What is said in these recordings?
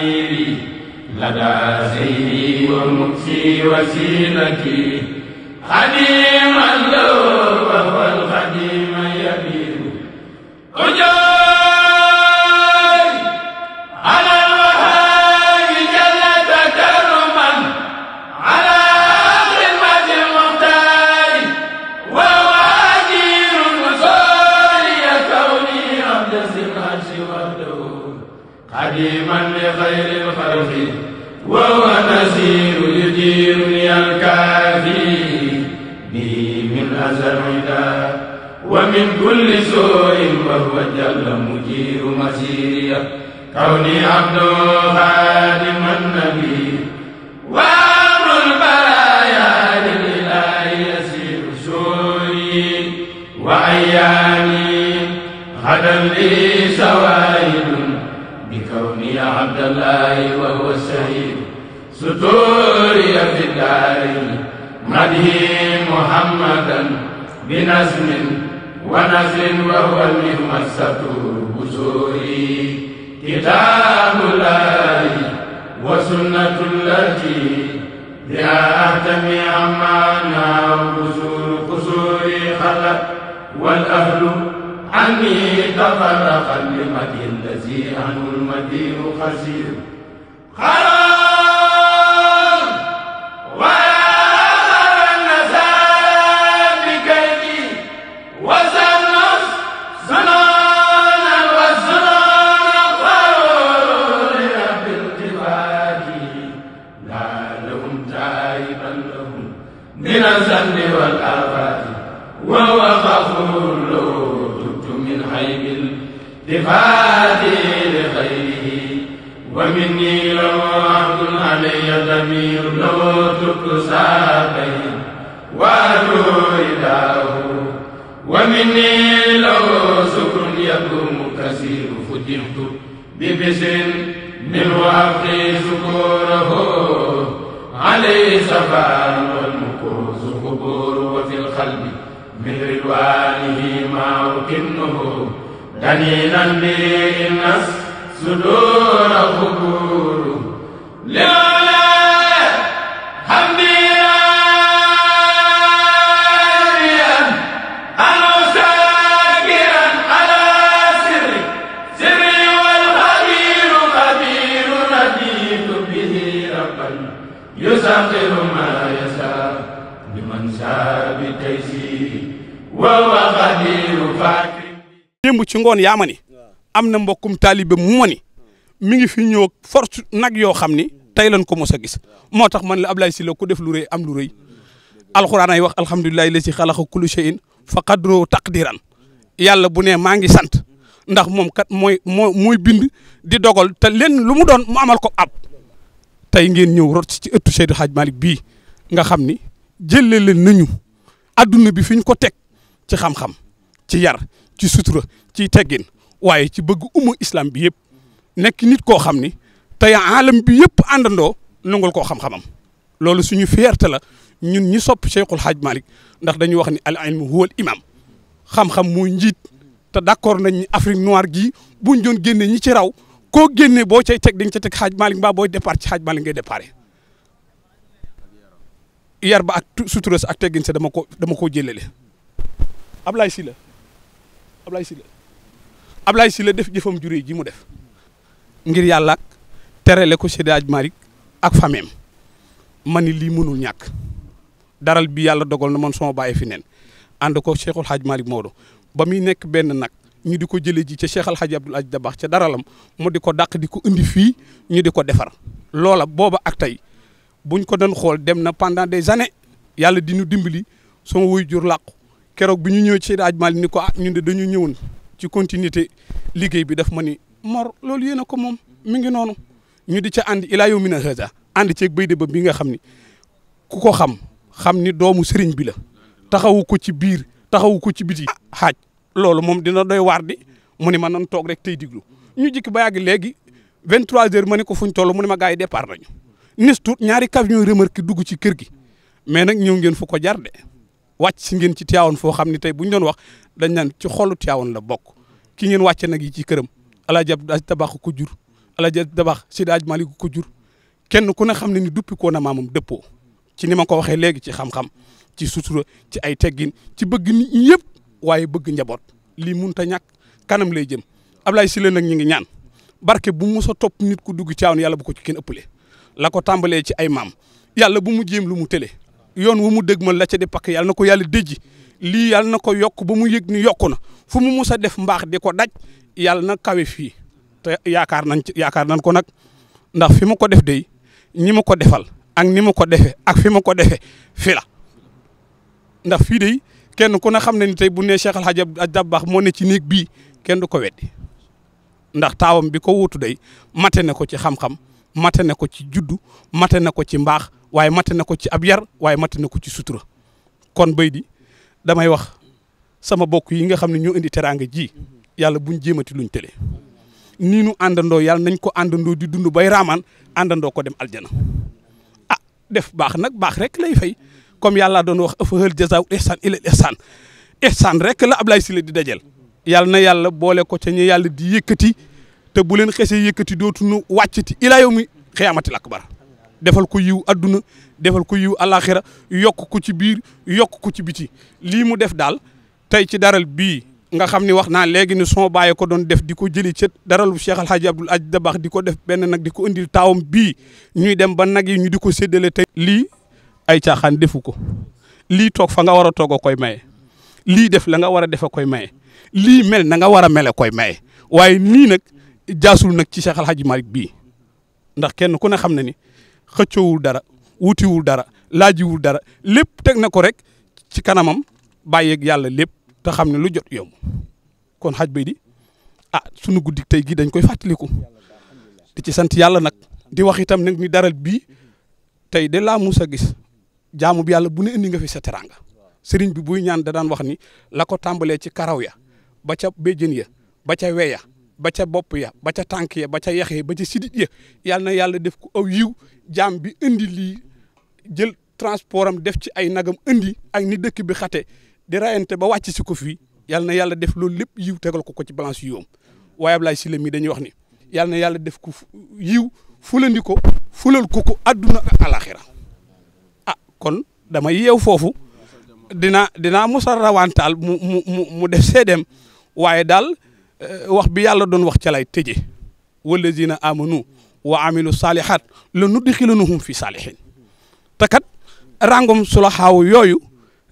حبيبي لدى سيدي ومكسي وسيلتي خديما له وهو الخديم يبيد أجاب تغيير مسيري كوني عبد خادم النبي وامر البرايا للاله يسير سوري وايامي غدا لي شواهد بكوني عبد الله وهو الشهيد ستوري في الدارين مدهي محمدا بنزم ونزل وهو المهم الستور نزولي كتاب الله وسنة التي بها أهتمي أمانا وقصور قصوري خلق والأهل عني تفرق لمدي الذي عنه المدين خسير خرج علي ضمير لو تكسابي وأدورداه ومني لو سكن يكون كثير فدمت ببسر منه أبقي شكوره علي سفار والمكوس قبور وفي القلب من رضوانه ما أكنه دليلا به الناس صدور قبور démb ci ngoon yaa ma ni am na mbokkum taalibe mu ma ni mi ngi fi ñëw nag yoo xam ni tey lañ ko mos gis moo tax man la Ablaye Sylla ko def lu am lu rëy alxuraan ay wax alhamdulilahi le si xalaqa kulli shay'in fa qadro taqdiran yàlla bu ne maa ngi sant ndax moom kat mooy moo mooy bind di dogal ta lenn lu mu doon mu amal ko ab tey ngeen ñëw rot ci ëttu Seydi Hadj Malick bii nga xam ni jël jëlee leen nañu adduna bi fi ñu ko teg ci xam-xam ci yar ci sutura ci teggin waaye ci bëgg umu islam bi yëpp nekk nit koo xam ni tey alam bi yëpp àndandoo nangul koo xam-xamam loolu suñu fierté la ñun ñu sopp Cheikhul Hadj Malick ndax dañuy wax ni al ilmu huwal imam xam-xam mooy njiit te d'accord nañ ni Afrique noire gii buñ doon génnee ñu ci raw koo génnee boo cay teg dañ ca teg Hadj Malick mbaa booy départ ci Hadj Malick ngay départ yar ba ak sutura ak teggin se dama ko dama koo jëlale Ablaye Sylla Ablaye Sylla Ablaye Sylla def jëfam juré ji mu def ngir yàlla terale ko Seydi Hadji Malick ak fameem ma ni lii mënul ñàkk daral bi yàlla dogal na man sama bàyyi fi nen ànd ko Cheikhul Hadji Malick Maodo ba muy nekk benn nag ñu di ko jëlee ji ca Cheikh Al Hadji aj Aziz Dabakh ca daralam mu di ko daq di ko indi fii ñu di ko defar loola booba ak tey buñ ko doon xool dem na pendant des années yàlla di ñu dimbali sama wuy jur làqu keroog bi ñu ñëwee ci Seydi Hadji ni ko ah ñun de dañu ñëwoon ci continuité liggéey bi def ma ni Mor loolu yéen ko moom mi ngi noonu ñu di ca ànd ilaa yow mi na hësa ànd ceeg bay de ba bi nga xam ni ku ko xam xam ni doomu sëriñ bi la taxawu ko ci biir taxawu ko ci biti xaaj loolu moom dina doy waar di mu ne ma nan toog rek tey diglu ñu jikki ba yàgg léegi 23 heures ma ne ko ñu toll mu ne ma gars yi départ nañu nis tuut ñaari camion remorque dugg ci kër gi mais nag ñëw ngeen fu ko jar de wàcc si ngeen ci Tivaouane foo xam ni tey bu ñu doon wax dañ naan ci xolu Tivaouane la bokk ki ngeen wàcce nag yi ci këram ala jab da tabax ko jur ja Dabax Seydi Aj Malick ko jur kenn ku ne xam ne ni duppi koo na maamam dëppoo ci ni ma ko waxee léegi ci xam-xam ci suutura ci ay teggin ci bëgg nit ñi waaye bëgg njaboot lii munta ñàkk kanam lay jëm Ablaye Sylla nag ñu ngi ñaan barke bu mu sa topp nit ku dugg caawan yàlla bu ko ci kenn ëppale la ko tàmbalee ci ay maam yàlla bu mu jéem lu mu tële yoon wu mu dëgmal la ca di pakk yàlla na ko yàlla déjji lii yàlla na ko yokk ba mu yëg ni yokk na fu mu mus a def mbaax di ko daj yàlla na kawe fii te yaakaar nañ ci yaakaar nañ ko nag ndax fi mu ko def dey ñi mu ko defal ak ni mu ko defee ak fi mu ko defee fi ndax fii dey kenn ku ne xam ne ni tey bu ne Cheikh Al Hadj Dabakh moo ne ci néeg bii kenn du ko weddi ndax taawam bi ko wuutu dey mate na ko ci xam-xam mate na ko ci juddu mate na ko ci mbaax waaye mate na ko ci ab yar waaye mate na ko ci sutura kon bay di damay wax sama bokk yi nga xam ne ñu indi teraanga ji yàlla buñ jéemati luñ tële nii nu àndandoo yàlla nañ ko àndandoo di dund bay raamaan àndandoo ko dem aljana ah def baax nag baax rek lay fay comme yàlla doon wax afahal jazaaw ihsaan ilal ihsaan ihsaan rek la Ablaye Sylla di dajel yàlla na yàlla boole ko ca ñu yàlla di yëkkati te bu leen xesee yëkkati dootuñu wàccati ilaa yow mi xiyaamatil akbar defal ko yiw adduna defal ko yiw alaxira yokk ko ci biir yokk ko ci biti lii mu def daal tey ci daral bii nga xam ni wax naa léegi ni son bàyyi ko doon def di ko jëli ci daralu Cheikh Al Hadj Abdoul Aziz Dabakh di ko def benn nag di ko indil taawam bii ñuy dem ba nag yi ñu di ko séddale tey. lii ay caaxaan defu ko li toog fa nga war a toog a koy maye lii def la nga war a def koy maye lii mel na nga war a mel koy maye waaye nii nag jaasul nag ci Cheikh Al Hadj bii ndax kenn ku ne xam na ni xëccoowul dara wutiwul dara laajiwul dara lépp teg na ko rek ci kanamam bàyyeeg yàlla lépp. te xam ne lu jot yomb kon xaj bay di ah sunu guddi tey gi dañ koy fàttaliku di ci sant yàlla nag di wax itam nag ni daral bii tey de laa mus a gis jaamu bi yàlla bu ne indi nga fi sa teraanga sëriñ bi buy ñaan da daan wax ni la ko tàmbalee ci karaw ya ba ca béjjën ya ba ca weya ba ca bopp ya ba ca tànk ya ba ca yax ba ca sidit ya yàlla na yàlla def ko aw yiw jaam bi indi lii jël transport am def ci ay nagam indi ak ni dëkk bi xate di rayante ba wàcc si ko fii yàlla na yàlla def loolu lépp yiw tegal ko ko ci balance yiwam waaye Ablaye Sylla mi dañuy wax ni yàlla na yàlla def ko yiw fulandi ko fulal ko ko adduna ak alaxira ah, kon dama yeew foofu dina dinaa mos a rawantaal mu mu mu mu def seedeem waaye daal eh, wax bi yàlla doon wax calay lay tëje wallazina amanu wa amilu salihat la nudxilanahum fi salihin te kat rangom sula yooyu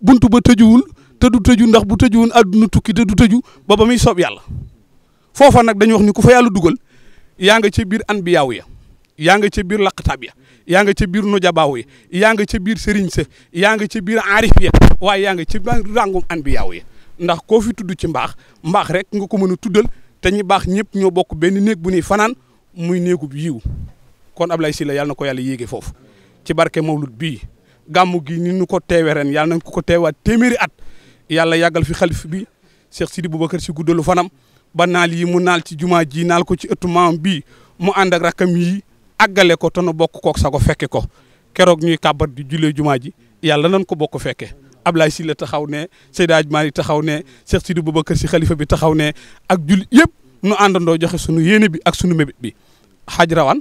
buntu ba tëjuwul te du tëju ndax bu tëjuwoon àdduna tukki te du tëju ba ba muy soob yàlla foofa nag dañuy wax ni ko fa yàlla dugal yaa nga ca biir an bi yaaw ya yaa nga ca biir laqtaab ya yaa nga ca biir nujabaaw ya yaa nga ca biir sëriñ sa yaa nga ca biir aarif ya waaye yaa nga ca biir an bi yaaw ya ndax koo fi tuddu ci mbaax mbaax rek nga ko mën a tuddal te ñi baax ñëpp ñoo bokk benn néeg bu ñuy fanaan muy néegub yiw kon Ablaye Sylla yàlla na ko yàlla yéege foofu ci barke mawlud bii gàmmu gi ni ñu ko teewee ren na nañ ko ko teewaat téeméeri at yàlla yàggal fi xalif bi Cheikh Sidi Boubacar si guddalu fanam ba naal yi mu naal ci jumaa ji naal ko ci ëttu maam bii mu ànd ak rakkam yi àggale ko te nu bokk kook sago fekke ko keroog ñuy kàbbat di julee jumaa ji yàlla nan ko bokk fekke Ablaye Sylla taxaw ne Seydi Hadji taxaw ne Cheikh Sidi Boubacar si xalifa bi taxaw ne ak jul yëpp nu àndandoo joxe sunu yéene bi ak sunu mébét bi xaaj rawan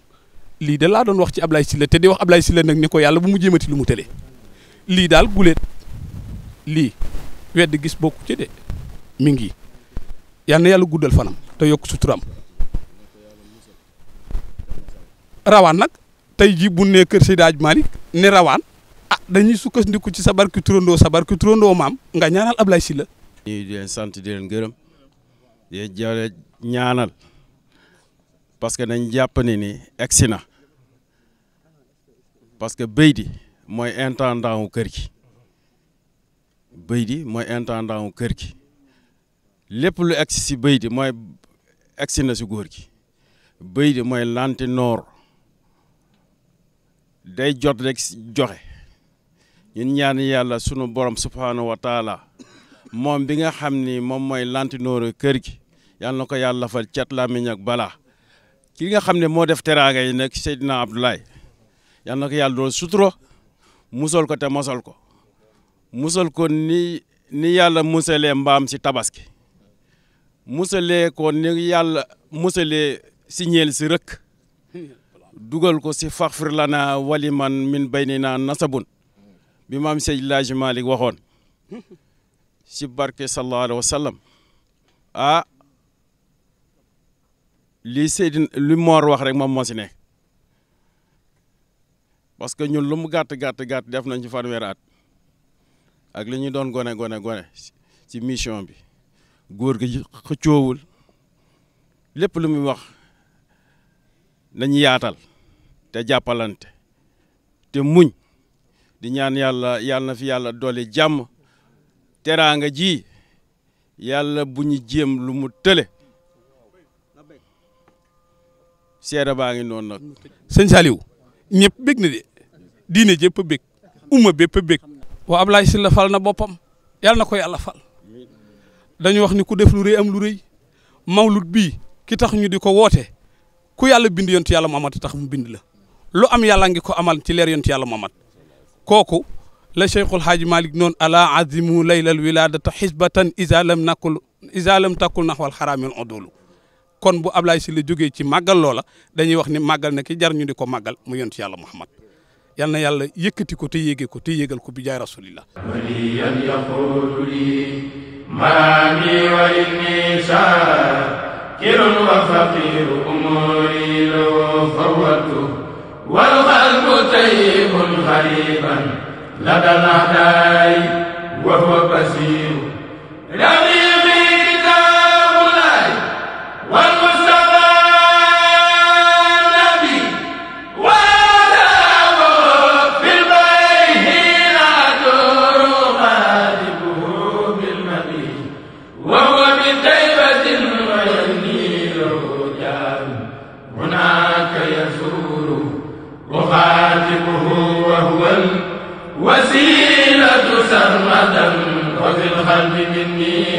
lii de laa doon wax ci Ablaye Sylla te di wax Ablaye Sylla nag ni ko yàlla bu mu jéemati lu mu tëlee lii lii wedd gis bokku ci de mi ngi yal na yàlla guddal fanam te yokk suturam rawaan nag tey jii bu ne kër Seydi Hadji Malick rawaan ah dañuy sukkandiku ci sa barki turandoo sa barki turandoo maam nga ñaanal Ablaye Sylla ñii di leen sant di leen gërëm di leen ñaanal parce que dañ jàpp ne ni egsi na parce que béy di mooy intendant wu kër gi bëy di mooy intendant wu kër gi lépp lu egsi si bëy di mooy si na si góor gi bëy di mooy lantinoor day jot rekk joxe ñun ñaan yàlla sunu borom subhaanahu wataala moom bi nga xam ni moom mooy lantinooru kër gi yàlla na ko yàlla fal cat làmmiñ ak balaa ki nga xam ne moo def teraanga yi nekk Seydina Abdoulaye yàlla na ko yàlla doon suturo musal ko te mosal ko musal ko ni ni yàlla musalee mbaam si tabaski musalee ko ni yàlla musalee si ñeel si rëkk dugal ko si faxfir lana waliman min baynina nasabun bi mu Seydi Laaji Maalik waxoon si barke sallallahu alayhi wa sallam ah lii Seydi li moor wax rek moom moo si nekk parce que ñun lu mu gàtt gàtt gàtt def nañ ci fanweeri at ak li ñu doon gone gone gone mission bi góor gi xëccoowul lépp lu muy wax nañu yaatal te jàppalante te muñ di ñaan yàlla yàlla na fi yàlla dolli jàmm teraanga ji yàlla bu ñu jéem lu mu tële seere baa ngi noon nag. sëñ Saliou ñëpp de diine jëpp bég uma bépp bég. boo Ablaye Sylla fal na boppam yàlla na ko yàlla fal dañu wax ni ku def lu rëy am lu rëy mawlud bi ki tax ñu di ko woote ku yàlla bind yontu yàlla Muhammad tax mu bind la lu am yàlla ngi ko amal ci leer yontu yàlla Muhammad kooku la Cheikhul Haaji Malick noon ala azimu laylal wiladata xisbatan isa lam nakkul isa takkul takul naxwal xaraamil odulu kon bu Ablaye Sylla jógee ci màggal loola dañuy wax ni màggal na ki jar ñu di ko màggal mu yontu yàlla Muhammad yal na yàlla yëkkati ko te yéege ko te yéegal ko bi jaay rasulillah waliyan yaqulu li maami wa inni saakirun wa faqiru umuri law fawatu wal qalbu tayyibun ghariban ladan wa huwa basir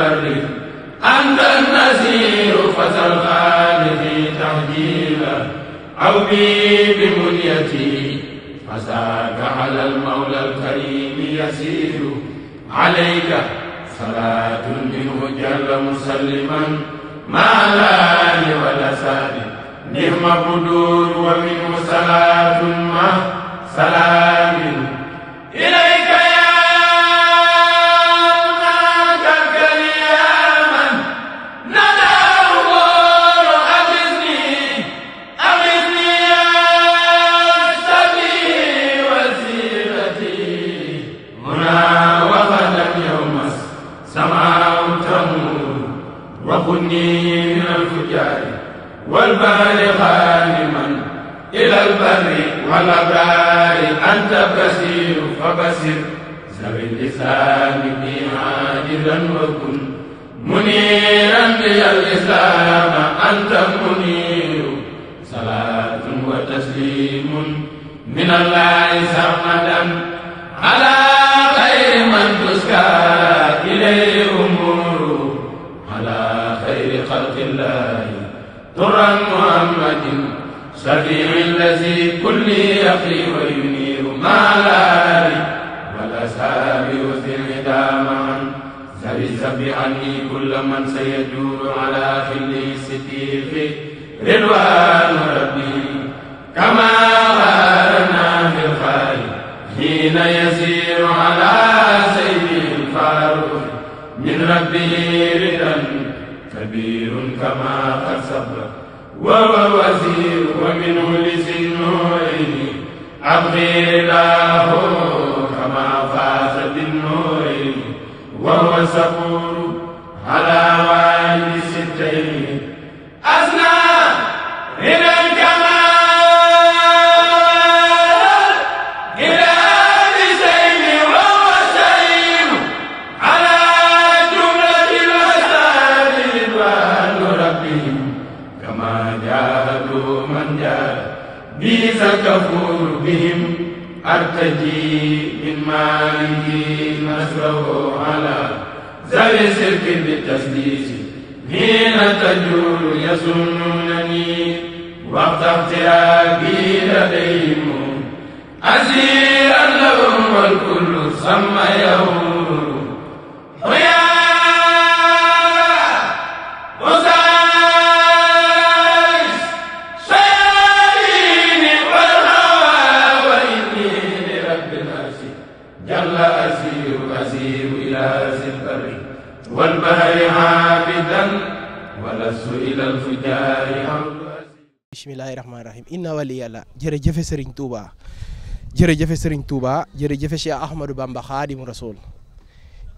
البر أنت النسير فسل خالقي تحجيلا أو بي بمنيتي عساك على المولى الكريم يسير عليك صلاة منه جل مسلما ما لا ولا سالي نعم بدور ومنه صلاة ما سلام إليك البر والأبرار أنت بشير فبشر ذوي الإسلام معاجلا وكن منيرا لي الإسلام أنت منير صلاة وتسليم من الله سرمدا على خير من تسكى إليه أمور على خير خلق الله ترى محمد سبيل الذي كل يقي وينير ما لا ولا سابر ذي معا سبسب عني كل من سيجور على خلي ستيف رضوان ربي كما غارنا في الخير حين يسير على سيد الفاروق من ربه رضا كبير كما قد سبق وهو وزير ومنه لسنوره أبغي له كما فاز بالنور وهو سفور على تجي من ماله نصره على زر سلك بالتسليس rahmaani rahim inna wali yàlla jërëjëfe Serigne Touba jërëjëfe Serigne Touba jërëjëfe Cheikh Ahmadou Bamba Xaadimu Rasul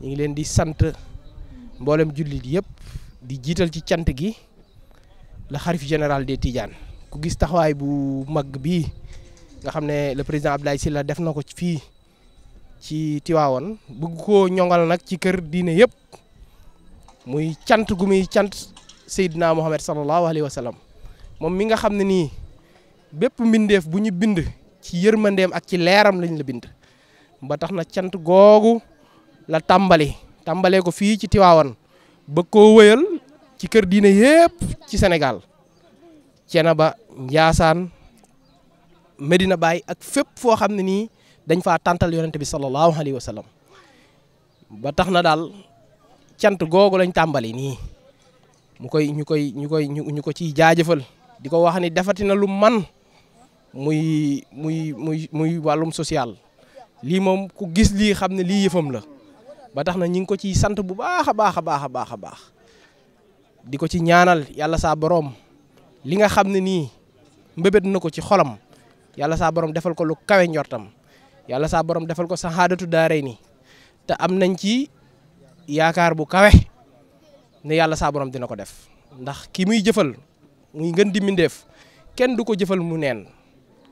ñu ngi leen di sant mboolem jullit yëpp di jiital ci cant gi la xarif général des Tidianes ku gis taxawaay bu mag bi nga xam ne le président Abdoulaye Sylla def na ko fii ci Tiwaawoon bëgg koo ñongal nag ci kër diine yëpp muy cant gu muy cant Seydina Mohamed sallallahu alayhi wa moom mi nga xam ne nii bépp mbindeef bu ñu bind ci yërmandeem ak ci leeram lañ la bind ba tax na cant googu la tàmbali tàmbalee ko fii ci Tiwaawan ba koo wëyal ci kër diine yëpp ci senegal Sénégal ba Njaasaan Medina Baye ak fépp foo xam ne nii dañ faa tàntal yonente bi sallallahu alayhi wa ba tax na daal cant googu lañ tàmbali nii mu koy ñu koy ñu koy ñu ko ciy jaajëfal di ko wax ni defati na lu man muy muy muy muy wàllum social lii moom ku gis lii xam ne lii yëfam la ba tax na ñi ngi ko ciy sant bu baax a baax a baax a baax a baax di ko ci ñaanal yàlla saa boroom li nga xam ne nii mbébét na ko ci xolom yàlla saa borom defal ko lu kawe njortam yàlla saa borom defal ko saxaadatu daaray ni te am nañ ci yaakaar bu kawe ne yàlla saa boroom dina ko def ndax ki muy jëfal muy gën di mindeef kenn du ko jëfal mu neen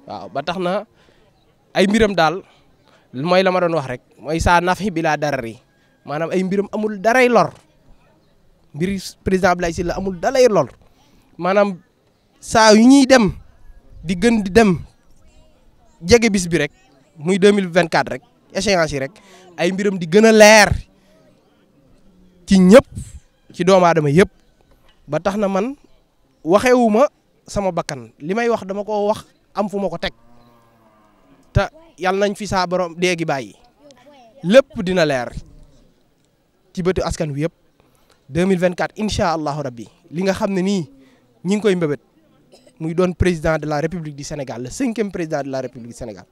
waaw ba tax na ay mbiram daal mooy la ma doon wax rek mooy saa nafi bi laa darari maanaam ay mbiram amul dara lor mbir président Abdoulaye Sylla amul dalay lor maanaam saa yu ñuy dem di gën di dem jege bis bi rek muy 2024 rek échéance yi rek ay mbiram di gën a leer ci ñëpp ci doomu aadama yëpp ba tax na man waxewuma sama bakkan li may wax dama ko wax am fu ma ko teg te yàlla nañ fi saa borom déegi bàyyi lépp dina leer ci bëtu askan wi yëpp 2024 incha allahu rabbi li nga xam ne nii ñi ngi koy mbébét muy doon président de la république di Sénégal le cinquième président de la république du Sénégal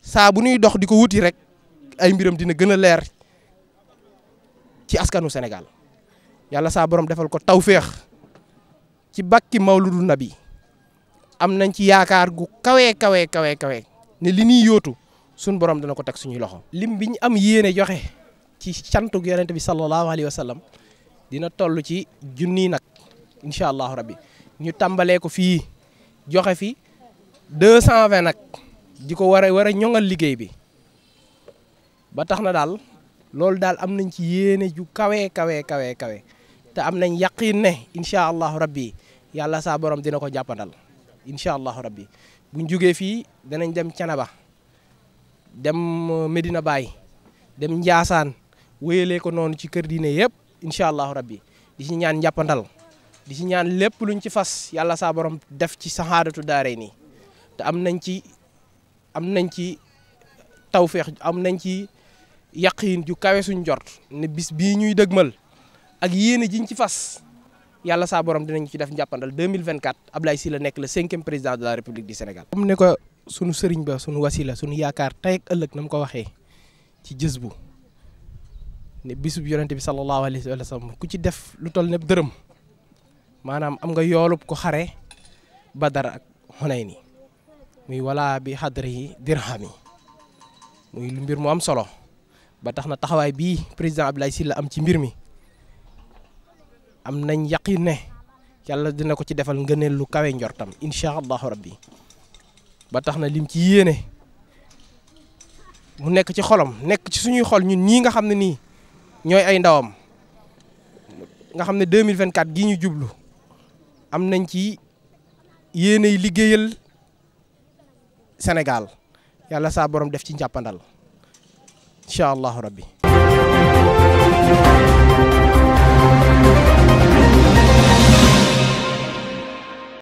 saa bu ñuy dox di ko wuti rek ay mbiram dina gën a leer ci askanu Sénégal yàlla saa borom defal ko tawféex. ci bakki mawludu nabi am nañ ci yaakaar gu kawe kawe kawe kawe ne li ñuy yóotu suñ borom dana ko teg suñuy loxo. lim bi ñu am yéene joxe ci cantu yonent bi sallallahu alayhi wa sallam dina toll ci junni nag incha allahu rabbi ñu tàmbalee ko fii joxe fi 220 nag di ko war a war a ñoŋal liggéey bi ba tax na daal loolu daal am nañ ci yéene ju kawe kawe kawe kawe. te am nañ yaqiin ne incha allahu rabbi yàlla saa borom dina ko jàppandal incha allahu rabbi buñ jógee fii danañ dem Canaba dem euh, Medina Baye dem Njaasaan wéyalee ko noonu ci kër diine yëpp incha allahu rabbi di ci ñaan jàppandal di ci ñaan lépp luñ ci fas yàlla saa borom def ci saxaadatu daaree nii te am nañ ci am nañ ci tawféex am nañ ci yaqiin ju kawe suñ jort ne bis bii ñuy dëgmal. ak yéene jiñ ci fas yàlla saa borom dinañ ci def njàppandal 2024 Ablaye la nekk le cinquième président de la République du Sénégal. comme ne ko sunu sëriñ ba sunu la sunu yaakaar tey ëllëg na mu ko waxee ci jës bu ne bisub yonante bi sallallahu alayhi wa sallam ku ci def lu toll ne dërëm maanaam am nga yoolub ko xare ba dara ak Hunayn ni muy wala bi xadri yi dirham yi muy lu mbir mu am solo ba tax na taxawaay bii président Ablaye Sylla am ci mbir mi am nañ yaqin ne yàlla dina ko ci defal ngëneel lu kawe njortam incha allahu rabbi ba tax na lim ci yéene mu nekk ci xolam nekk ci suñuy xol ñun ñii nga xam ne nii ñooy ay ndawam nga xam ne 2024 gii ñu jublu am nañ ci yéeney liggéeyal Sénégal yàlla saa boroom def ci njàppandal incha allahu rabbi